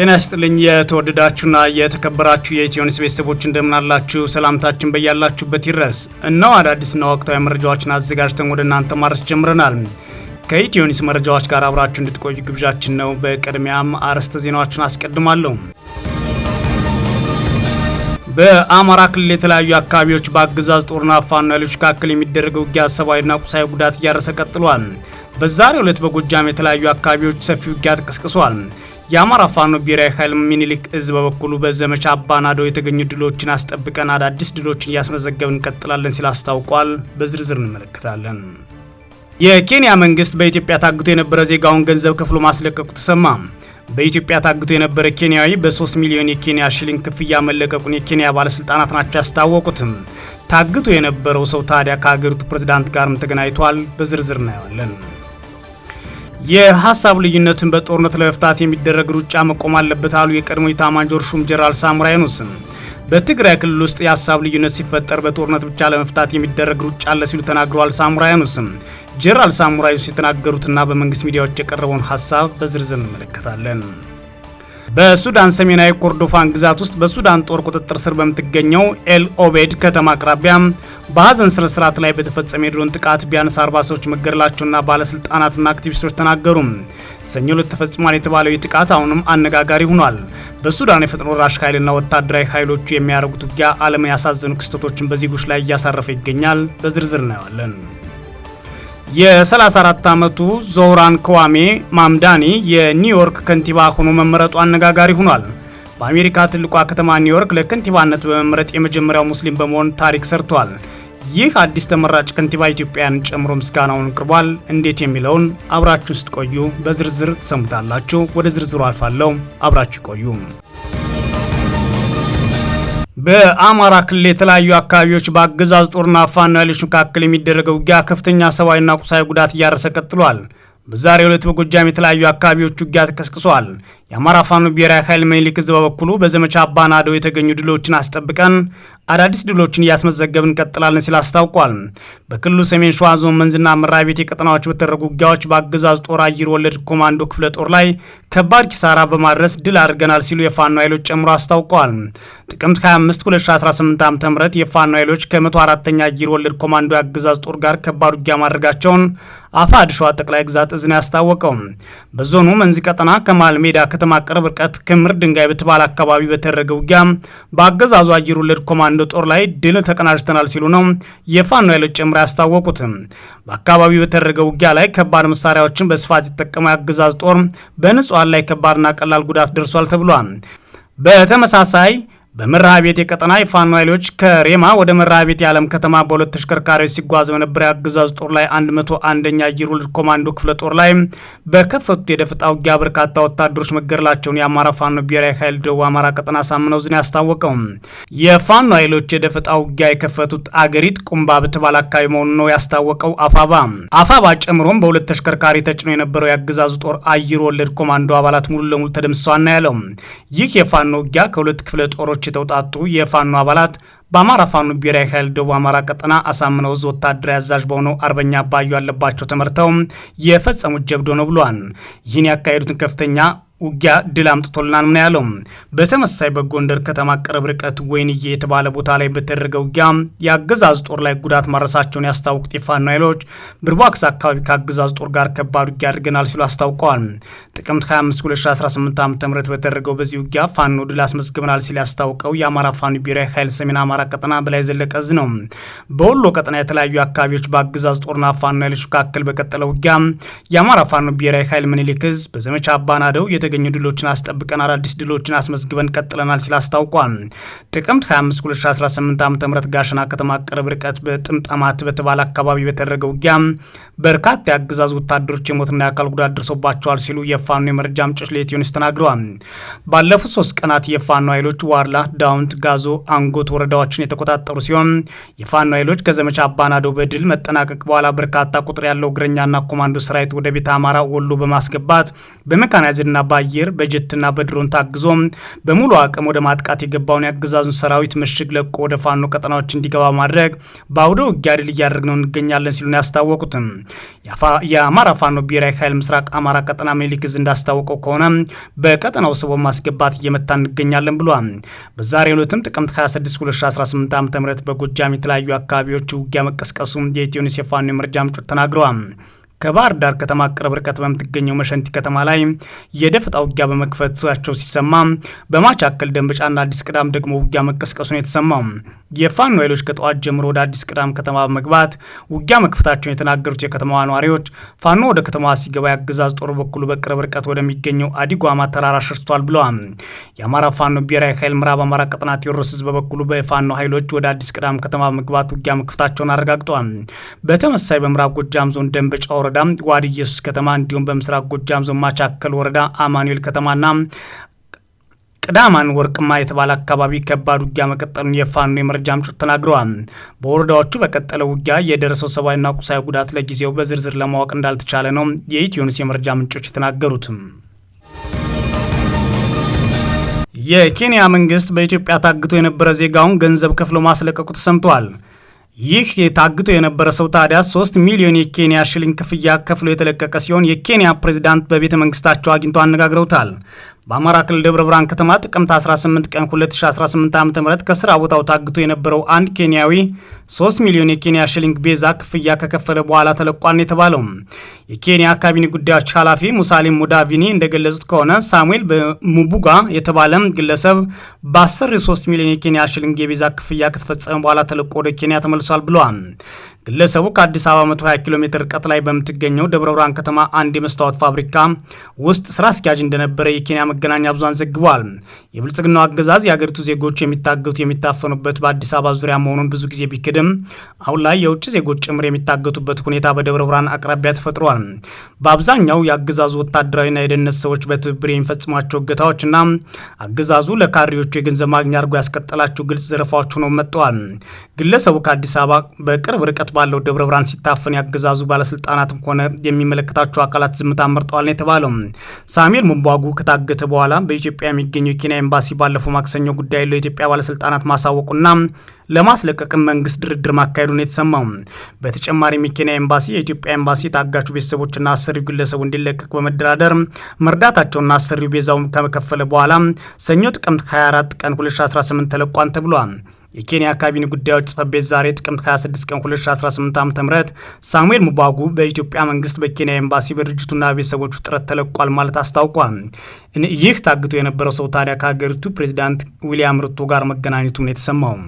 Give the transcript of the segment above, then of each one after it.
ጤና ይስጥልኝ የተወደዳችሁና የተከበራችሁ የኢትዮኒስ ቤተሰቦች እንደምናላችሁ ሰላምታችን በያላችሁበት ይድረስ። እነው አዳዲስና ወቅታዊ መረጃዎችን አዘጋጅተን ወደ እናንተ ማድረስ ጀምረናል። ከኢትዮኒስ መረጃዎች ጋር አብራችሁ እንድትቆዩ ግብዣችን ነው። በቅድሚያም አርዕስተ ዜናዎችን አስቀድማለሁ። በአማራ ክልል የተለያዩ አካባቢዎች በአገዛዝ ጦርና ፋኖ ኃይሎች መካከል የሚደረገው ውጊያ ሰብአዊና ቁሳዊ ጉዳት እያደረሰ ቀጥሏል። በዛሬው ዕለት በጎጃም የተለያዩ አካባቢዎች ሰፊ ውጊያ ተቀስቅሷል። የአማራ ፋኖ ብሔራዊ ኃይል ሚኒሊክ እዝ በበኩሉ በዘመቻ አባናዶ የተገኙ ድሎችን አስጠብቀን አዳዲስ ድሎችን እያስመዘገብን እንቀጥላለን ሲል አስታውቋል። በዝርዝር እንመለከታለን። የኬንያ መንግስት በኢትዮጵያ ታግቶ የነበረ ዜጋውን ገንዘብ ከፍሎ ማስለቀቁ ተሰማ። በኢትዮጵያ ታግቶ የነበረ ኬንያዊ በ3 ሚሊዮን የኬንያ ሽሊንግ ክፍያ መለቀቁን የኬንያ ባለስልጣናት ናቸው ያስታወቁትም። ታግቶ የነበረው ሰው ታዲያ ከሀገሪቱ ፕሬዝዳንት ጋርም ተገናኝቷል። በዝርዝር እናየዋለን። የሀሳብ ልዩነትን በጦርነት ለመፍታት የሚደረግ ሩጫ መቆም አለበት አሉ የቀድሞ ኢታማዦር ሹም ጄኔራል ሳሞራ የኑስም። በትግራይ ክልል ውስጥ የሀሳብ ልዩነት ሲፈጠር በጦርነት ብቻ ለመፍታት የሚደረግ ሩጫ አለ ሲሉ ተናግረዋል። ሳሙራ የኑስም ጄኔራል ሳሞራ የኑስ የተናገሩትና በመንግስት ሚዲያዎች የቀረበውን ሀሳብ በዝርዝር እንመለከታለን። በሱዳን ሰሜናዊ ኮርዶፋን ግዛት ውስጥ በሱዳን ጦር ቁጥጥር ስር በምትገኘው ኤል ኦቤድ ከተማ አቅራቢያ በሀዘን ስነ ስርዓት ላይ በተፈጸመ የድሮን ጥቃት ቢያንስ አርባ ሰዎች መገደላቸውና ባለስልጣናትና አክቲቪስቶች ተናገሩ። ሰኞ ዕለት ተፈጽሟል የተባለው ጥቃት አሁንም አነጋጋሪ ሆኗል። በሱዳን የፈጥኖ ደራሽ ኃይልና ወታደራዊ ኃይሎቹ የሚያደርጉት ውጊያ ዓለምን ያሳዘኑ ክስተቶችን በዜጎች ላይ እያሳረፈ ይገኛል። በዝርዝር እናየዋለን። የ34 ዓመቱ ዞህራን ከዋሜ ማምዳኒ የኒውዮርክ ከንቲባ ሆኖ መመረጡ አነጋጋሪ ሆኗል። በአሜሪካ ትልቋ ከተማ ኒውዮርክ ለከንቲባነት በመምረጥ የመጀመሪያው ሙስሊም በመሆን ታሪክ ሰርቷል። ይህ አዲስ ተመራጭ ከንቲባ ኢትዮጵያን ጨምሮ ምስጋናውን አቅርቧል። እንዴት የሚለውን አብራችሁ ውስጥ ቆዩ በዝርዝር ትሰሙታላችሁ። ወደ ዝርዝሩ አልፋለሁ። አብራችሁ ቆዩ። በአማራ ክልል የተለያዩ አካባቢዎች በአገዛዝ ጦርና ፋኖ ኃይሎች መካከል የሚደረገው ውጊያ ከፍተኛ ሰብአዊና ቁሳዊ ጉዳት እያረሰ ቀጥሏል። በዛሬው ዕለት በጎጃም የተለያዩ አካባቢዎች ውጊያ ተቀስቅሷል። የአማራ ፋኖ ብሔራዊ ኃይል ምኒልክ ዕዝ በበኩሉ በዘመቻ አባናደው የተገኙ ድሎችን አስጠብቀን አዳዲስ ድሎችን እያስመዘገብን እንቀጥላለን ሲል አስታውቋል። በክልሉ ሰሜን ሸዋ ዞን መንዝና መራቤቴ የቀጠናዎች በተደረጉ ውጊያዎች በአገዛዙ ጦር አየር ወለድ ኮማንዶ ክፍለ ጦር ላይ ከባድ ኪሳራ በማድረስ ድል አድርገናል ሲሉ የፋኖ ኃይሎች ጨምሮ አስታውቋል። ጥቅምት 25 2018 ዓ.ም የፋኖ ኃይሎች ከ 104 አየር ወለድ ኮማንዶ የአገዛዝ ጦር ጋር ከባድ ውጊያ ማድረጋቸውን አፋ አድሸዋ ጠቅላይ ግዛት እዝን ያስታወቀው በዞኑ መንዝ ቀጠና ከመሃል ሜዳ ከተማ ቅርብ ርቀት ክምር ድንጋይ በተባለ አካባቢ በተደረገ ውጊያ በአገዛዙ አየር ወለድ ኮማንዶ ጦር ላይ ድል ተቀናጅተናል ሲሉ ነው የፋኖ ኃይሎች ጭምር ያስታወቁት። በአካባቢው በተደረገ ውጊያ ላይ ከባድ መሳሪያዎችን በስፋት የተጠቀመው የአገዛዝ ጦር በንጹሐን ላይ ከባድና ቀላል ጉዳት ደርሷል ተብሏል። በተመሳሳይ በመርሃ ቤት የቀጠና የፋኖ ኃይሎች ከሬማ ወደ መርሃ ቤት የዓለም ከተማ በሁለት ተሽከርካሪዎች ሲጓዝ በነበረ የአገዛዙ ጦር ላይ 101ኛ አየር ወለድ ኮማንዶ ክፍለ ጦር ላይ በከፈቱት የደፈጣ ውጊያ በርካታ ወታደሮች መገደላቸውን የአማራ ፋኖ ብሔራዊ ኃይል ደቡብ አማራ ቀጠና ሳምነው ዝን ያስታወቀው። የፋኖ ኃይሎች የደፈጣ ውጊያ የከፈቱት አገሪት ቁምባ በተባለ አካባቢ መሆኑን ነው ያስታወቀው አፋባ። አፋባ ጨምሮም በሁለት ተሽከርካሪ ተጭኖ የነበረው የአገዛዙ ጦር አየር ወለድ ኮማንዶ አባላት ሙሉ ለሙሉ ተደምሰዋና ያለው ይህ የፋኖ ውጊያ ከሁለት ክፍለ ጦሮች ክልሎች የተውጣጡ የፋኖ አባላት በአማራ ፋኖ ብሔራዊ ኃይል ደቡብ አማራ ቀጠና አሳምነው ዕዝ ወታደራዊ አዛዥ በሆነው አርበኛ አባዩ አለባቸው ተመርተው የፈጸሙት ጀብዶ ነው ብሏል። ይህን ያካሄዱትን ከፍተኛ ውጊያ ድል አምጥቶልናል ነው ያለው። በተመሳሳይ በጎንደር ከተማ ቅርብ ርቀት ወይንዬ የተባለ ቦታ ላይ በተደረገ ውጊያ የአገዛዝ ጦር ላይ ጉዳት ማድረሳቸውን ያስታወቁት የፋኖ ኃይሎች ብርቧክስ አካባቢ ከአገዛዝ ጦር ጋር ከባድ ውጊያ አድርገናል ሲሉ አስታውቀዋል። ጥቅምት 25 2018 ዓ ም በተደረገው በዚህ ውጊያ ፋኖ ድል አስመዝግበናል ሲል ያስታውቀው የአማራ ፋኖ ብሔራዊ ኃይል ሰሜን አማራ ቀጠና በላይ ዘለቀ እዝ ነው። በወሎ ቀጠና የተለያዩ አካባቢዎች በአገዛዝ ጦርና ፋኖ ኃይሎች መካከል በቀጠለው ውጊያ የአማራ ፋኖ ብሔራዊ ኃይል ምኒልክ እዝ በዘመቻ አባናደው የተገኙ ድሎችን አስጠብቀን አዳዲስ ድሎችን አስመዝግበን ቀጥለናል ሲል አስታውቋል። ጥቅምት 25 2018 ዓ ም ጋሸና ከተማ ቅርብ ርቀት በጥምጣማት በተባለ አካባቢ በተደረገ ውጊያ በርካታ የአገዛዙ ወታደሮች የሞትና የአካል ጉዳት ደርሶባቸዋል ሲሉ የፋኖ የመረጃ ምንጮች ለኢትዮኒስ ተናግረዋል። ባለፉት ሶስት ቀናት የፋኖ ኃይሎች ዋርላ፣ ዳውንት፣ ጋዞ፣ አንጎት ወረዳዎችን የተቆጣጠሩ ሲሆን የፋኖ ኃይሎች ከዘመቻ አባናዶ በድል መጠናቀቅ በኋላ በርካታ ቁጥር ያለው እግረኛና ኮማንዶ ሰራዊት ወደ ቤተ አማራ ወሎ በማስገባት በመካናይዝድና በአየር በጀትና በድሮን ታግዞ በሙሉ አቅም ወደ ማጥቃት የገባውን የአገዛዙን ሰራዊት ምሽግ ለቆ ወደ ፋኖ ቀጠናዎች እንዲገባ ማድረግ በአውደ ውጊያ ድል ነው እንገኛለን ሲሉ ያስታወቁት። የአማራ ፋኖ ብሔራዊ ኃይል ምስራቅ አማራ ቀጠና ምኒልክ እንዳስታወቀው ከሆነ በቀጠናው ስቦ ማስገባት እየመታ እንገኛለን ብሏል። በዛሬው ዕለትም ጥቅምት 26 2018 ዓ ም በጎጃም የተለያዩ አካባቢዎች ውጊያ መቀስቀሱ የኢትዮኒስ የፋኖ የመረጃ ምንጮች ተናግረዋል። ከባህር ዳር ከተማ ቅርብ ርቀት በምትገኘው መሸንቲ ከተማ ላይ የደፈጣ ውጊያ በመክፈታቸው ሲሰማ በማቻከል ደንበጫና አዲስ ቅዳም ደግሞ ውጊያ መቀስቀሱን የተሰማው። የፋኖ ኃይሎች ከጠዋት ጀምሮ ወደ አዲስ ቅዳም ከተማ በመግባት ውጊያ መክፈታቸውን የተናገሩት የከተማዋ ነዋሪዎች ፋኖ ወደ ከተማዋ ሲገባ ያገዛዝ ጦር በኩሉ በቅርብ ርቀት ወደሚገኘው አዲጓማ ተራራ ሸርቷል ብለዋል። የአማራ ፋኖ ብሔራዊ ኃይል ምዕራብ አማራ ቀጠና ቴዎድሮስ ህዝብ በበኩሉ በፋኖ ኃይሎች ወደ አዲስ ቅዳም ከተማ በመግባት ውጊያ መክፈታቸውን አረጋግጠዋል። በተመሳይ በምዕራብ ጎጃም ዞን ደንበጫ ወረዳ ዋድ ኢየሱስ ከተማ እንዲሁም በምስራቅ ጎጃም ዞን ማቻከል ወረዳ አማኑኤል ከተማና ቅዳማን ወርቅማ የተባለ አካባቢ ከባድ ውጊያ መቀጠሉን የፋኖ የመረጃ ምንጮች ተናግረዋል። በወረዳዎቹ በቀጠለው ውጊያ የደረሰው ሰብአዊና ቁሳዊ ጉዳት ለጊዜው በዝርዝር ለማወቅ እንዳልተቻለ ነው የኢትዮኒስ የመረጃ ምንጮች የተናገሩት። የኬንያ መንግስት በኢትዮጵያ ታግቶ የነበረ ዜጋውን ገንዘብ ከፍሎ ማስለቀቁ ተሰምተዋል። ይህ የታግቶ የነበረ ሰው ታዲያ ሶስት ሚሊዮን የኬንያ ሽሊንግ ክፍያ ከፍሎ የተለቀቀ ሲሆን የኬንያ ፕሬዚዳንት በቤተ መንግስታቸው አግኝተው አነጋግረውታል። በአማራ ክልል ደብረ ብርሃን ከተማ ጥቅምት 18 ቀን 2018 ዓ ም ከስራ ቦታው ታግቶ የነበረው አንድ ኬንያዊ 3 ሚሊዮን የኬንያ ሽሊንግ ቤዛ ክፍያ ከከፈለ በኋላ ተለቋል የተባለው የኬንያ ካቢኔ ጉዳዮች ኃላፊ ሙሳሊም ሙዳቪኒ እንደገለጹት ከሆነ ሳሙኤል ሙቡጋ የተባለ ግለሰብ በ13 ሚሊዮን የኬንያ ሽሊንግ የቤዛ ክፍያ ከተፈጸመ በኋላ ተለቆ ወደ ኬንያ ተመልሷል ብለዋል። ግለሰቡ ከአዲስ አበባ 120 ኪሎ ሜትር ርቀት ላይ በምትገኘው ደብረ ብርሃን ከተማ አንድ የመስታወት ፋብሪካ ውስጥ ስራ አስኪያጅ እንደነበረ የኬንያ መገናኛ ብዙሃን ዘግቧል። የብልጽግናው አገዛዝ የአገሪቱ ዜጎች የሚታገቱ የሚታፈኑበት በአዲስ አበባ ዙሪያ መሆኑን ብዙ ጊዜ ቢክድም አሁን ላይ የውጭ ዜጎች ጭምር የሚታገቱበት ሁኔታ በደብረ ብርሃን አቅራቢያ ተፈጥሯል። በአብዛኛው የአገዛዙ ወታደራዊና የደህንነት ሰዎች በትብብር የሚፈጽሟቸው እገታዎችና አገዛዙ ለካድሬዎቹ የገንዘብ ማግኛ አድርጎ ያስቀጠላቸው ግልጽ ዘረፋዎች ሆነው መጥተዋል። ግለሰቡ ከአዲስ አበባ በቅርብ ርቀት ባለው ደብረ ብርሃን ሲታፈን ያገዛዙ ባለስልጣናትም ሆነ የሚመለከታቸው አካላት ዝምታ መርጠዋል ነው የተባለው። ሳሙኤል ሙምባጉ ከታገተ በኋላ በኢትዮጵያ የሚገኘው የኬንያ ኤምባሲ ባለፈው ማክሰኞ ጉዳይ ለኢትዮጵያ ባለስልጣናት ማሳወቁና ለማስለቀቅም መንግስት ድርድር ማካሄዱ የተሰማው። በተጨማሪም የኬንያ ኤምባሲ የኢትዮጵያ ኤምባሲ የታጋቹ ቤተሰቦችና አሰሪው ግለሰቡ እንዲለቀቅ በመደራደር መርዳታቸውና አሰሪው ቤዛው ከከፈለ በኋላ ሰኞ ጥቅምት 24 ቀን 2018 ተለቋን ተብሏል። የኬንያ ካቢኔ ጉዳዮች ጽፈት ቤት ዛሬ ጥቅምት 26 ቀን 2018 ዓ ም ሳሙኤል ሙባጉ በኢትዮጵያ መንግስት በኬንያ ኤምባሲ በድርጅቱና ቤተሰቦቹ ጥረት ተለቋል ማለት አስታውቋል። ይህ ታግቶ የነበረው ሰው ታዲያ ከሀገሪቱ ፕሬዚዳንት ዊሊያም ሩቶ ጋር መገናኘቱም ነው የተሰማው።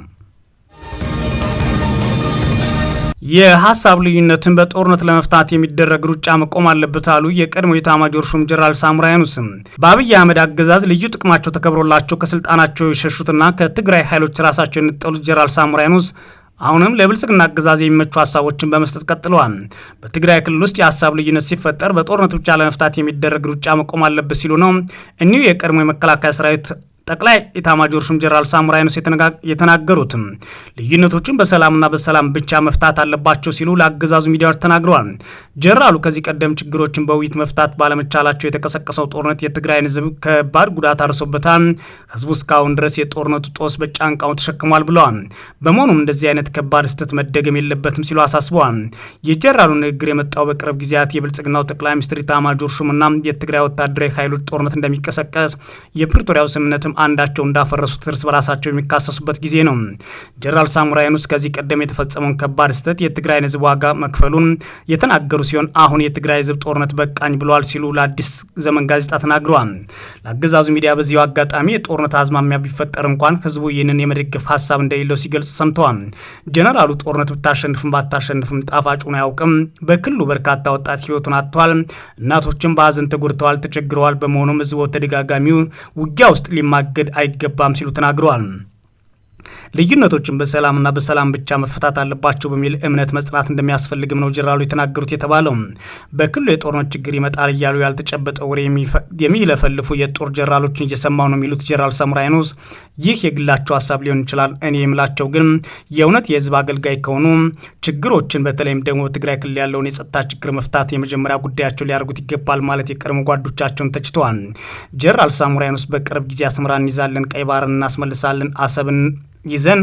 የሀሳብ ልዩነትን በጦርነት ለመፍታት የሚደረግ ሩጫ መቆም አለበት አሉ የቀድሞ የኤታማዦር ሹም ጀነራል ሳሙራ ዩኑስም። በአብይ አህመድ አገዛዝ ልዩ ጥቅማቸው ተከብሮላቸው ከስልጣናቸው የሸሹትና ከትግራይ ኃይሎች ራሳቸው የነጠሉት ጀነራል ሳሙራ አሁንም ለብልጽግና አገዛዝ የሚመቹ ሀሳቦችን በመስጠት ቀጥለዋል። በትግራይ ክልል ውስጥ የሀሳብ ልዩነት ሲፈጠር በጦርነት ብቻ ለመፍታት የሚደረግ ሩጫ መቆም አለበት ሲሉ ነው እኒሁ የቀድሞ የመከላከያ ሰራዊት ጠቅላይ ኢታማጆር ሹም ጀነራል ሳሞራ የተናገሩትም ልዩነቶችን በሰላምና በሰላም ብቻ መፍታት አለባቸው ሲሉ ለአገዛዙ ሚዲያዎች ተናግረዋል። ጀነራሉ ከዚህ ቀደም ችግሮችን በውይይት መፍታት ባለመቻላቸው የተቀሰቀሰው ጦርነት የትግራይን ህዝብ ከባድ ጉዳት አድርሶበታል። ህዝቡ እስካሁን ድረስ የጦርነቱ ጦስ በጫንቃው ተሸክሟል ብለዋል። በመሆኑም እንደዚህ አይነት ከባድ ስህተት መደገም የለበትም ሲሉ አሳስበዋል። የጀነራሉ ንግግር የመጣው በቅርብ ጊዜያት የብልጽግናው ጠቅላይ ሚኒስትር ኢታማጆር ሹምና የትግራይ ወታደራዊ ኃይሎች ጦርነት እንደሚቀሰቀስ የፕሪቶሪያው ስምምነትም አንዳቸው እንዳፈረሱት እርስ በራሳቸው የሚካሰሱበት ጊዜ ነው። ጀነራል ሳሙራይኑስ ከዚህ ቀደም የተፈጸመውን ከባድ ስህተት የትግራይን ህዝብ ዋጋ መክፈሉን የተናገሩ ሲሆን አሁን የትግራይ ህዝብ ጦርነት በቃኝ ብለዋል ሲሉ ለአዲስ ዘመን ጋዜጣ ተናግረዋል። ለአገዛዙ ሚዲያ በዚሁ አጋጣሚ የጦርነት አዝማሚያ ቢፈጠር እንኳን ህዝቡ ይህንን የመደገፍ ሀሳብ እንደሌለው ሲገልጹ ሰምተዋል። ጀነራሉ ጦርነት ብታሸንፍም ባታሸንፍም ጣፋጩን አያውቅም። በክልሉ በርካታ ወጣት ህይወቱን አጥቷል። እናቶችም በሀዘን ተጎድተዋል፣ ተቸግረዋል። በመሆኑም ህዝቡ ተደጋጋሚ ውጊያ ውስጥ ሊማ ሊታገድ አይገባም ሲሉ ተናግረዋል። ልዩነቶችን በሰላምና በሰላም ብቻ መፈታት አለባቸው በሚል እምነት መጽናት እንደሚያስፈልግም ነው ጀራሉ የተናገሩት የተባለው። በክልሉ የጦርነት ችግር ይመጣል እያሉ ያልተጨበጠ ወሬ የሚለፈልፉ የጦር ጀራሎችን እየሰማው ነው የሚሉት ጀራል ሳሙራ ይህ የግላቸው ሀሳብ ሊሆን ይችላል። እኔ የምላቸው ግን የእውነት የህዝብ አገልጋይ ከሆኑ ችግሮችን በተለይም ደግሞ በትግራይ ክልል ያለውን የጸጥታ ችግር መፍታት የመጀመሪያ ጉዳያቸው ሊያደርጉት ይገባል ማለት የቀድሞ ጓዶቻቸውን ተችተዋል። ጀራል ሳሙራ በቅርብ ጊዜ አስመራ እንይዛለን፣ ቀይ ባህርን እናስመልሳለን፣ አሰብን ይዘን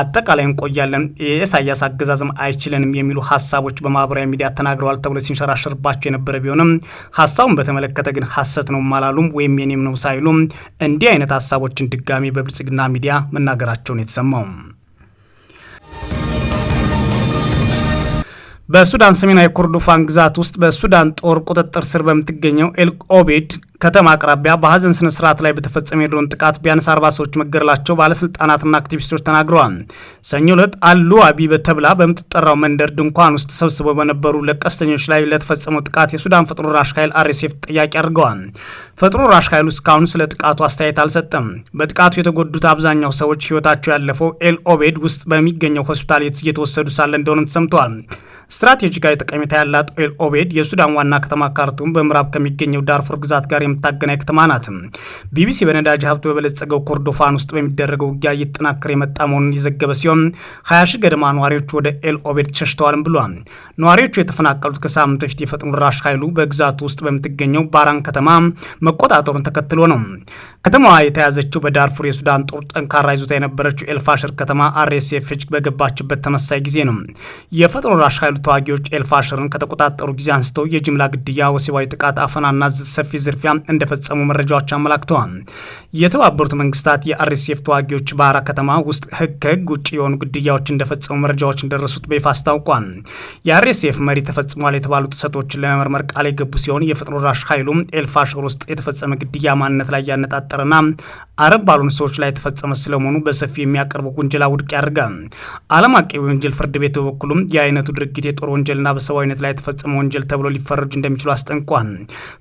አጠቃላይ እንቆያለን፣ የኢሳያስ አገዛዝም አይችለንም የሚሉ ሀሳቦች በማህበራዊ ሚዲያ ተናግረዋል ተብሎ ሲንሸራሸርባቸው የነበረ ቢሆንም ሀሳቡን በተመለከተ ግን ሀሰት ነው አላሉም ወይም የኔም ነው ሳይሉም እንዲህ አይነት ሀሳቦችን ድጋሚ በብልጽግና ሚዲያ መናገራቸውን የተሰማው በሱዳን ሰሜናዊ ኮርዶፋን ግዛት ውስጥ በሱዳን ጦር ቁጥጥር ስር በምትገኘው ኤልኦቤድ ከተማ አቅራቢያ በሀዘን ስነ ስርዓት ላይ በተፈጸመ የድሮን ጥቃት ቢያንስ አርባ ሰዎች መገደላቸው ባለስልጣናትና አክቲቪስቶች ተናግረዋል። ሰኞ ዕለት አሉ አቢ በተብላ በምትጠራው መንደር ድንኳን ውስጥ ተሰብስበው በነበሩ ለቀስተኞች ላይ ለተፈጸመው ጥቃት የሱዳን ፈጥኖ ደራሽ ኃይል አርኤስኤፍ ጥያቄ አድርገዋል። ፈጥኖ ደራሽ ኃይሉ እስካሁን ስለ ጥቃቱ አስተያየት አልሰጠም። በጥቃቱ የተጎዱት አብዛኛው ሰዎች ህይወታቸው ያለፈው ኤል ኦቤድ ውስጥ በሚገኘው ሆስፒታል እየተወሰዱ ሳለ እንደሆነ ተሰምተዋል። ስትራቴጂካዊ ጠቀሜታ ያላት ኤል ኦቤድ የሱዳን ዋና ከተማ ካርቱም በምዕራብ ከሚገኘው ዳርፉር ግዛት ጋር የምታገናኝ ከተማ ናት። ቢቢሲ በነዳጅ ሀብት በበለጸገው ኮርዶፋን ውስጥ በሚደረገው ውጊያ እየተጠናከረ የመጣ መሆኑን የዘገበ ሲሆን ሀያ ሺህ ገደማ ነዋሪዎች ወደ ኤል ኦቤድ ሸሽተዋልም ብሏል። ነዋሪዎቹ የተፈናቀሉት ከሳምንት በፊት የፈጥኖ ደራሽ ኃይሉ በግዛቱ ውስጥ በምትገኘው ባራን ከተማ መቆጣጠሩን ተከትሎ ነው። ከተማዋ የተያዘችው በዳርፉር የሱዳን ጦር ጠንካራ ይዞታ የነበረችው ኤልፋሽር ከተማ አርኤስኤፍ እጅ በገባችበት ተመሳሳይ ጊዜ ነው። የፈጥኖ ደራሽ ኃይሉ ተዋጊዎች ኤልፋሽርን ከተቆጣጠሩ ጊዜ አንስተው የጅምላ ግድያ፣ ወሲባዊ ጥቃት፣ አፈናና ሰፊ ዝርፊያ እንደፈጸሙ መረጃዎች አመላክተዋል። የተባበሩት መንግስታት የአርኤስኤፍ ተዋጊዎች በአራ ከተማ ውስጥ ከህግ ውጭ የሆኑ ግድያዎች እንደፈጸሙ መረጃዎች እንደደረሱት በይፋ አስታውቋል። የአርኤስኤፍ መሪ ተፈጽሟል የተባሉ ጥሰቶችን ለመመርመር ቃል የገቡ ሲሆን የፈጥኖ ደራሽ ኃይሉም ኤልፋሽር ውስጥ የተፈጸመ ግድያ ማንነት ላይ ያነጣጠረና አረብ ባሉን ሰዎች ላይ የተፈጸመ ስለመሆኑ በሰፊ የሚያቀርቡ ውንጀላ ውድቅ ያደርጋል። ዓለም አቀፍ የወንጀል ፍርድ ቤት በበኩሉም የአይነቱ ድርጊት የጦር ወንጀልና በሰብአዊነት ላይ የተፈጸመ ወንጀል ተብሎ ሊፈረጁ እንደሚችሉ አስጠንቋል።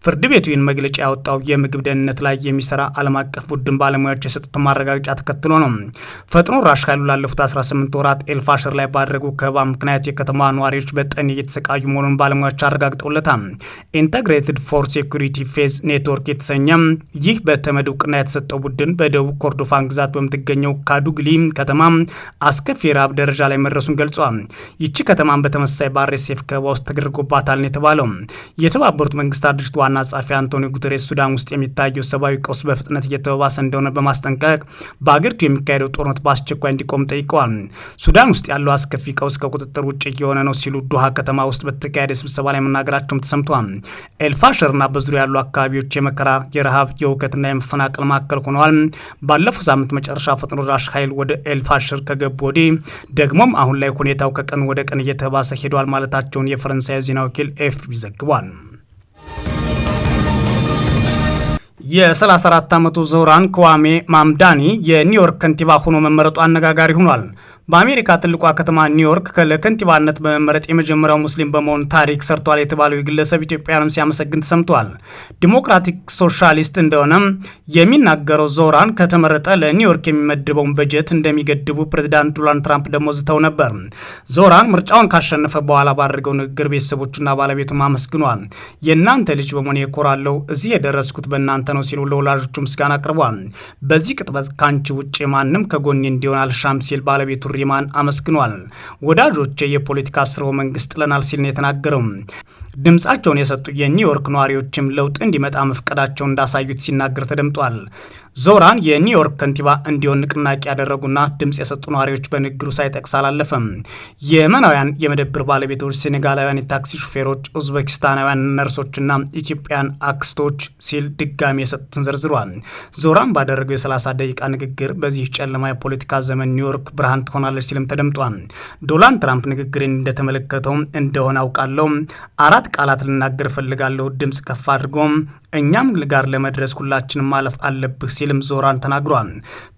ፍርድ ቤቱ ይህን መግለጫ ያወጣው የምግብ ደህንነት ላይ የሚሰራ ዓለም አቀፍ ቡድን ባለሙያዎች የሰጡትን ማረጋገጫ ተከትሎ ነው። ፈጥኖ ራሽ ኃይሉ ላለፉት 18 ወራት ኤልፋሽር ላይ ባደረጉ ከበባ ምክንያት የከተማ ነዋሪዎች በጠን እየተሰቃዩ መሆኑን ባለሙያዎች አረጋግጠውለታል። ኢንተግሬትድ ፎር ሴኩሪቲ ፌዝ ኔትወርክ የተሰኘ ይህ በተመድ እውቅና የተሰጠው ቡድን በደቡብ ኮርዶፋን ግዛት በምትገኘው ካዱግሊ ከተማ አስከፊ የረሃብ ደረጃ ላይ መድረሱን ገልጿል። ይቺ ከተማን በተመሳሳይ ባሬሴፍ ከበባ ውስጥ ተደርጎባታል የተባለው የተባበሩት መንግስታት ድርጅት ዋና ጸሐፊ አንቶኒ ጉተሬ ጎረቤት ሱዳን ውስጥ የሚታየው ሰብአዊ ቀውስ በፍጥነት እየተባባሰ እንደሆነ በማስጠንቀቅ በአገሪቱ የሚካሄደው ጦርነት በአስቸኳይ እንዲቆም ጠይቀዋል። ሱዳን ውስጥ ያለው አስከፊ ቀውስ ከቁጥጥር ውጭ እየሆነ ነው ሲሉ ዱሃ ከተማ ውስጥ በተካሄደ ስብሰባ ላይ መናገራቸውም ተሰምተዋል። ኤልፋሸርና በዙሪያ ያሉ አካባቢዎች የመከራ የረሃብ፣ የውከትና የመፈናቀል ማዕከል ሆነዋል። ባለፈው ሳምንት መጨረሻ ፈጥኖ ደራሽ ኃይል ወደ ኤልፋሸር ከገቡ ወዲህ ደግሞም አሁን ላይ ሁኔታው ከቀን ወደ ቀን እየተባሰ ሄዷል ማለታቸውን የፈረንሳይ ዜና ወኪል ኤፍፒ ዘግቧል። የ34 ዓመቱ ዘውራን ከዋሜ ማምዳኒ የኒውዮርክ ከንቲባ ሆኖ መመረጡ አነጋጋሪ ሆኗል። በአሜሪካ ትልቋ ከተማ ኒውዮርክ ለከንቲባነት በመመረጥ የመጀመሪያው ሙስሊም በመሆን ታሪክ ሰርቷል የተባለው የግለሰብ ኢትዮጵያንም ሲያመሰግን ተሰምቷል። ዲሞክራቲክ ሶሻሊስት እንደሆነ የሚናገረው ዞራን ከተመረጠ ለኒውዮርክ የሚመድበውን በጀት እንደሚገድቡ ፕሬዚዳንት ዶናልድ ትራምፕ ደግሞ ዝተው ነበር። ዞራን ምርጫውን ካሸነፈ በኋላ ባደረገው ንግግር ቤተሰቦቹና ባለቤቱም አመስግኗል። የእናንተ ልጅ በመሆኔ እኮራለሁ፣ እዚህ የደረስኩት በእናንተ ነው ሲሉ ለወላጆቹ ምስጋና አቅርቧል። በዚህ ቅጥበት ከአንቺ ውጭ ማንም ከጎኔ እንዲሆን አልሻም ሲል ባለቤቱ ሪማን አመስግኗል። ወዳጆቼ የፖለቲካ ስርወ መንግስት ጥለናል ሲል ነው የተናገረው። ድምጻቸውን የሰጡ የኒውዮርክ ነዋሪዎችም ለውጥ እንዲመጣ መፍቀዳቸውን እንዳሳዩት ሲናገር ተደምጧል። ዞራን የኒውዮርክ ከንቲባ እንዲሆን ንቅናቄ ያደረጉና ድምጽ የሰጡ ነዋሪዎች በንግግሩ ሳይጠቅስ አላለፈም። የመናውያን የመደብር ባለቤቶች፣ ሴኔጋላውያን የታክሲ ሹፌሮች፣ ኡዝቤኪስታናውያን ነርሶችና ኢትዮጵያን አክስቶች ሲል ድጋሚ የሰጡትን ዘርዝሯል። ዞራን ባደረገው የ30 ደቂቃ ንግግር በዚህ ጨለማ የፖለቲካ ዘመን ኒውዮርክ ብርሃን ትሆናል ትሆናለች ሲልም ተደምጧል። ዶናልድ ትራምፕ ንግግሬን እንደተመለከተው እንደሆነ አውቃለሁ። አራት ቃላት ልናገር እፈልጋለሁ ድምፅ ከፍ አድርጎ እኛም ጋር ለመድረስ ሁላችንም ማለፍ አለብህ ሲልም ዞራን ተናግሯል።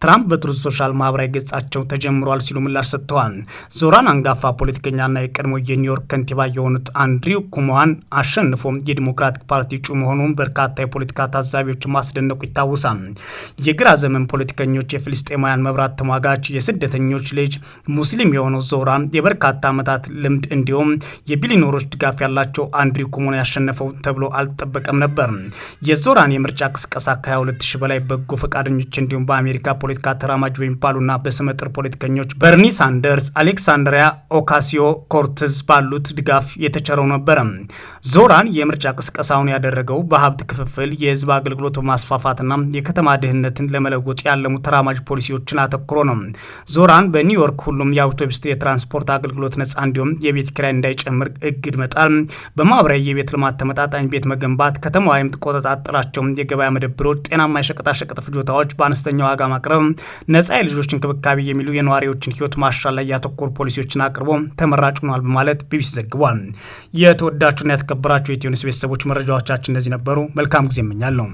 ትራምፕ በትሩዝ ሶሻል ማህበራዊ ገጻቸው ተጀምሯል ሲሉ ምላሽ ሰጥተዋል። ዞራን አንጋፋ ፖለቲከኛና የቀድሞ የኒውዮርክ ከንቲባ የሆኑት አንድሪው ኩሞዋን አሸንፎ የዲሞክራቲክ ፓርቲ እጩ መሆኑን በርካታ የፖለቲካ ታዛቢዎች ማስደነቁ ይታወሳል። የግራ ዘመን ፖለቲከኞች፣ የፍልስጤማውያን መብራት ተሟጋች፣ የስደተኞች ልጅ ሙስሊም የሆነው ዞራ የበርካታ ዓመታት ልምድ እንዲሁም የቢሊኖሮች ድጋፍ ያላቸው አንድሪው ኩሞን ያሸነፈው ተብሎ አልጠበቀም ነበር። የዞራን የምርጫ ቅስቀሳ ከ22 ሺህ በላይ በጎ ፈቃደኞች እንዲሁም በአሜሪካ ፖለቲካ ተራማጅ በሚባሉና በስመጥር ፖለቲከኞች በርኒ ሳንደርስ፣ አሌክሳንድሪያ ኦካሲዮ ኮርትዝ ባሉት ድጋፍ የተቸረው ነበረ። ዞራን የምርጫ ቅስቀሳውን ያደረገው በሀብት ክፍፍል፣ የህዝብ አገልግሎት በማስፋፋትና የከተማ ድህነትን ለመለወጥ ያለሙ ተራማጅ ፖሊሲዎችን አተኩሮ ነው። ዞራን በኒው ኒውዮርክ ሁሉም የአውቶቡስ የትራንስፖርት አገልግሎት ነጻ እንዲሁም የቤት ኪራይ እንዳይጨምር እግድ መጣል፣ በማህበራዊ የቤት ልማት ተመጣጣኝ ቤት መገንባት፣ ከተማዋ የምትቆጣጠራቸው የገበያ መደብሮች፣ ጤናማ የሸቀጣሸቀጥ ፍጆታዎች በአነስተኛ ዋጋ ማቅረብ፣ ነጻ የልጆች እንክብካቤ የሚሉ የነዋሪዎችን ህይወት ማሻል ላይ ያተኮሩ ፖሊሲዎችን አቅርቦ ተመራጭ ሆኗል በማለት ቢቢሲ ዘግቧል። የተወዳችሁና ያተከበራችሁ የኢትዮ ኒውስ ቤተሰቦች መረጃዎቻችን እነዚህ ነበሩ። መልካም ጊዜ እመኛለሁ።